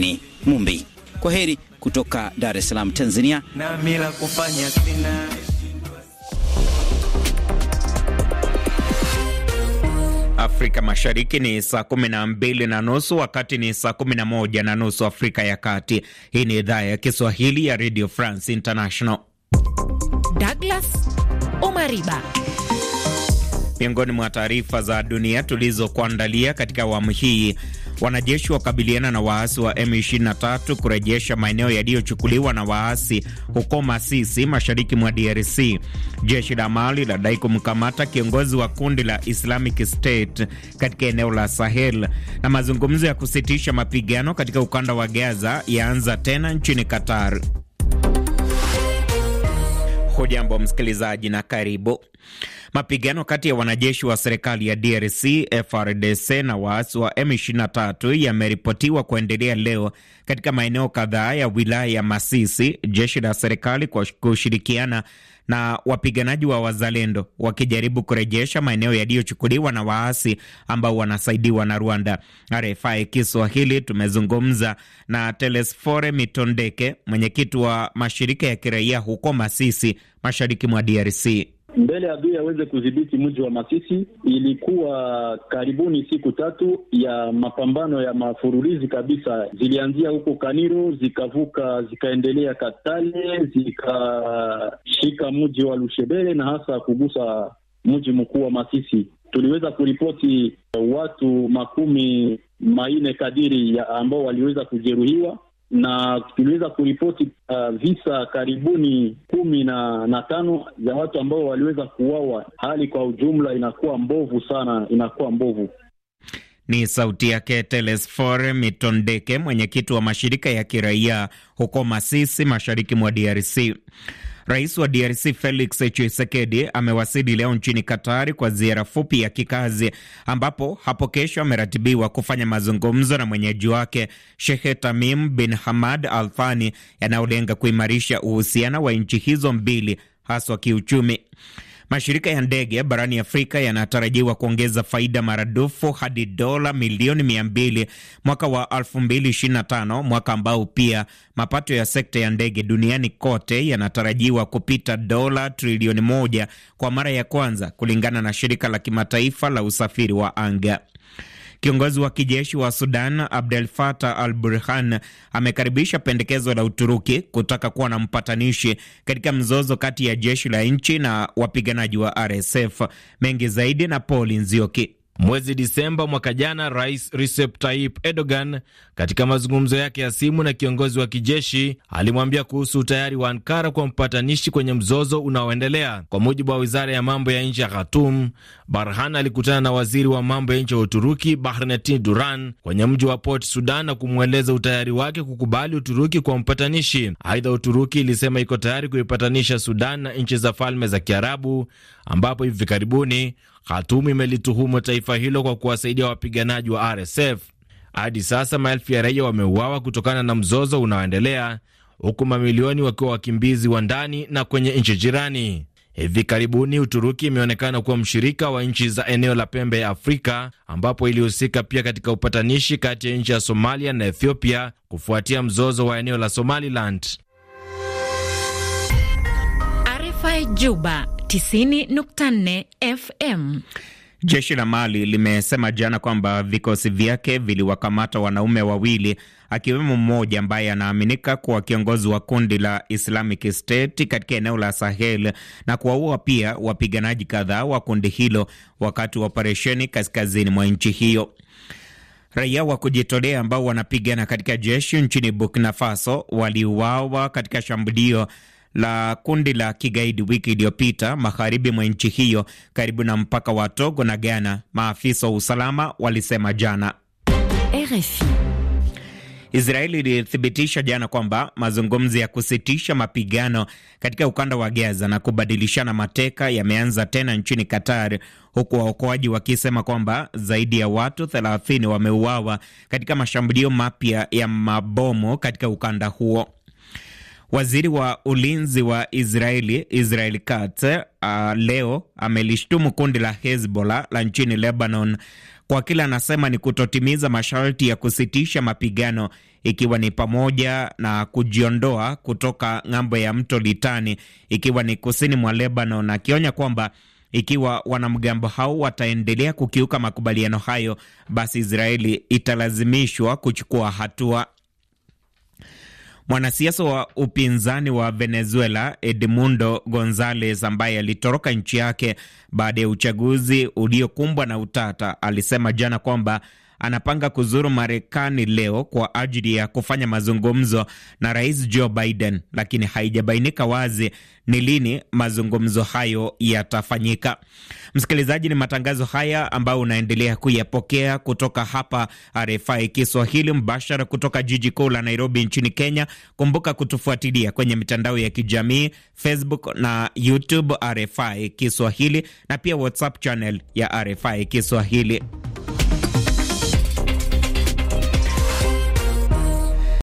ni Mumbi. Kwa heri kutoka Dar es Salaam, Tanzania. Na mila kufanya sina. Afrika Mashariki ni saa kumi na mbili na nusu wakati ni saa kumi na moja na nusu Afrika ya Kati. Hii ni idhaa ya Kiswahili ya Radio France International. Douglas Omariba Miongoni mwa taarifa za dunia tulizokuandalia katika awamu hii, wanajeshi wakabiliana na waasi wa M23 kurejesha maeneo yaliyochukuliwa na waasi huko Masisi, mashariki mwa DRC. Jeshi la Mali ladai kumkamata kiongozi wa kundi la Islamic State katika eneo la Sahel, na mazungumzo ya kusitisha mapigano katika ukanda wa Gaza yaanza tena nchini Qatar. Hujambo msikilizaji na karibu. Mapigano kati ya wanajeshi wa serikali ya DRC FRDC na waasi wa M23 yameripotiwa kuendelea leo katika maeneo kadhaa ya wilaya ya Masisi, jeshi la serikali kwa kushirikiana na wapiganaji wa wazalendo wakijaribu kurejesha maeneo yaliyochukuliwa na waasi ambao wanasaidiwa na Rwanda. RFI Kiswahili tumezungumza na Telesfore Mitondeke, mwenyekiti wa mashirika ya kiraia huko Masisi, mashariki mwa DRC mbele adui aweze kudhibiti mji wa Masisi. Ilikuwa karibuni siku tatu ya mapambano ya mafurulizi kabisa, zilianzia huko Kaniro zikavuka zikaendelea Katale zikashika mji wa Lushebele na hasa kugusa mji mkuu wa Masisi. Tuliweza kuripoti watu makumi maine kadiri ya ambao waliweza kujeruhiwa na tuliweza kuripoti uh, visa karibuni kumi na, na tano vya watu ambao waliweza kuuawa. Hali kwa ujumla inakuwa mbovu sana, inakuwa mbovu. Ni sauti yake Telesfore Mitondeke, mwenyekiti wa mashirika ya kiraia huko Masisi, mashariki mwa DRC. Rais wa DRC Felix Tshisekedi amewasili leo nchini Katari kwa ziara fupi ya kikazi, ambapo hapo kesho ameratibiwa kufanya mazungumzo na mwenyeji wake Shehe Tamim bin Hamad Al Thani yanayolenga kuimarisha uhusiano wa nchi hizo mbili haswa kiuchumi. Mashirika ya ndege barani Afrika yanatarajiwa kuongeza faida maradufu hadi dola milioni mia mbili mwaka wa 2025, mwaka ambao pia mapato ya sekta ya ndege duniani kote yanatarajiwa kupita dola trilioni moja kwa mara ya kwanza, kulingana na shirika la kimataifa la usafiri wa anga. Kiongozi wa kijeshi wa Sudan Abdel Fattah al Burhan amekaribisha pendekezo la Uturuki kutaka kuwa na mpatanishi katika mzozo kati ya jeshi la nchi na wapiganaji wa RSF. Mengi zaidi na Paul Nzioki. Mwezi Disemba mwaka jana, Rais Recep Tayyip Erdogan katika mazungumzo yake ya simu na kiongozi wa kijeshi alimwambia kuhusu utayari wa Ankara kwa mpatanishi kwenye mzozo unaoendelea. Kwa mujibu wa wizara ya mambo ya nje ya Khartoum, Barhan alikutana na waziri wa mambo ya nje wa Uturuki bahrnetin Duran kwenye mji wa Port Sudan na kumweleza utayari wake kukubali Uturuki kwa mpatanishi. Aidha, Uturuki ilisema iko tayari kuipatanisha Sudan na nchi za Falme za Kiarabu ambapo hivi karibuni Khartoum imelituhumu taifa hilo kwa kuwasaidia wapiganaji wa RSF. Hadi sasa maelfu ya raia wameuawa kutokana na mzozo unaoendelea, huku mamilioni wakiwa wakimbizi wa ndani na kwenye nchi jirani. Hivi karibuni Uturuki imeonekana kuwa mshirika wa nchi za eneo la pembe ya Afrika, ambapo ilihusika pia katika upatanishi kati ya nchi ya Somalia na Ethiopia kufuatia mzozo wa eneo la Somaliland. RFI Juba 90.4 FM. Jeshi la Mali limesema jana kwamba vikosi vyake viliwakamata wanaume wawili akiwemo mmoja ambaye anaaminika kuwa kiongozi wa kundi la Islamic State katika eneo la Sahel na kuwaua pia wapiganaji kadhaa wa kundi hilo wakati wa operesheni kaskazini mwa nchi hiyo. Raia wa kujitolea ambao wanapigana katika jeshi nchini Burkina Faso waliuawa katika shambulio la kundi la kigaidi wiki iliyopita magharibi mwa nchi hiyo karibu na mpaka wa Togo na Ghana, maafisa wa usalama walisema jana. RFI. Israeli ilithibitisha jana kwamba mazungumzo ya kusitisha mapigano katika ukanda wa Gaza na kubadilishana mateka yameanza tena nchini Qatar, huku waokoaji wakisema kwamba zaidi ya watu 30 wameuawa katika mashambulio mapya ya mabomu katika ukanda huo. Waziri wa ulinzi wa Israeli Israel Katz uh, leo amelishtumu kundi la Hezbollah la nchini Lebanon kwa kile anasema ni kutotimiza masharti ya kusitisha mapigano ikiwa ni pamoja na kujiondoa kutoka ng'ambo ya mto Litani ikiwa ni kusini mwa Lebanon, akionya kwamba ikiwa wanamgambo hao wataendelea kukiuka makubaliano hayo, basi Israeli italazimishwa kuchukua hatua. Mwanasiasa wa upinzani wa Venezuela Edmundo Gonzalez, ambaye alitoroka nchi yake baada ya uchaguzi uliokumbwa na utata, alisema jana kwamba anapanga kuzuru Marekani leo kwa ajili ya kufanya mazungumzo na Rais Joe Biden, lakini haijabainika wazi ni lini mazungumzo hayo yatafanyika. Msikilizaji, ni matangazo haya ambayo unaendelea kuyapokea kutoka hapa RFI Kiswahili mbashara kutoka jiji kuu la Nairobi nchini Kenya. Kumbuka kutufuatilia kwenye mitandao ya kijamii Facebook na YouTube RFI Kiswahili na pia WhatsApp channel ya RFI Kiswahili.